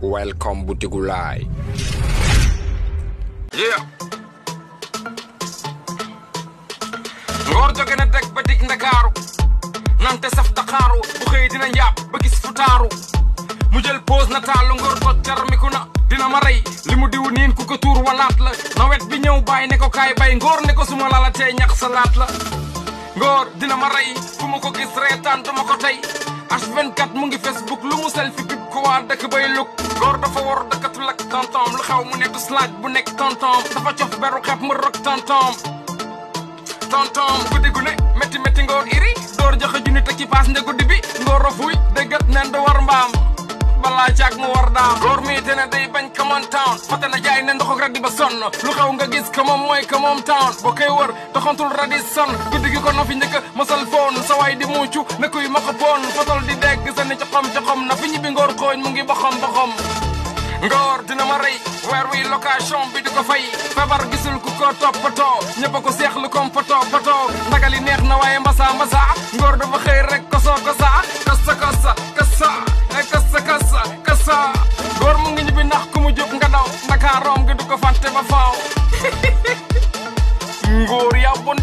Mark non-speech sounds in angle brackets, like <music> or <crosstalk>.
Welcome Butigulai. Yeah. ngoor jóge na dëkk ba dig ndakaaru nante saf daxaaru bu xëy dina yàpp ba gis fu taaru mu jël pause na taalu ngor ko carmiku na dina ma rey li mu diw niin ku ko tuur walaat la nawet bi ñëw bàyyi ne ko kaay bay ngoor ne ko suma lala tee ñax salaat la ngoor dina ma rey fu ma ko gis reetaan dama ko tey H24 mu ngi Facebook lu mu selfie waa dëkk bay lug góor dafa war dëkkatu lak tontom lu xew mu nekk slaaj bu nekk tontom dafa cof beru xepp mu rok tontom tontom guddi gu ne métti métti ngoor iri door joxe junni te ki paas nde guddi bi ngoor rofuy déggat nen du war mbaam balaa caag mu war daam góor mi te ne day bañ ka moom town fate na jaay ne ndoxog radi ba sonn lu xew nga gis ka moom mooy ka moom town boo koy wër doxantul radi sonn guddi gi ko no fi njëkk mosal waay di muucu ne kuy ma ko poon fotol di dégg seen coxom-coxom na fi ñibbi ngoor xooñ mu ngi boxom boxom ngoor dina ma rey weer wi location bi di ko fay feebar gisul ku ko toppatoo ñëpp a ko seexlu comme poto poto ndagali neex na waaye mbasa mbasa ngoor dafa xëy rek koso kosa kosa kosa kosa kosa eh, kosa kosa ngoor mu ngi ñibbi nax ku mu jóg nga daw ndakaaroom gi du ko fàtte ba faaw <laughs> ngoor yaa bon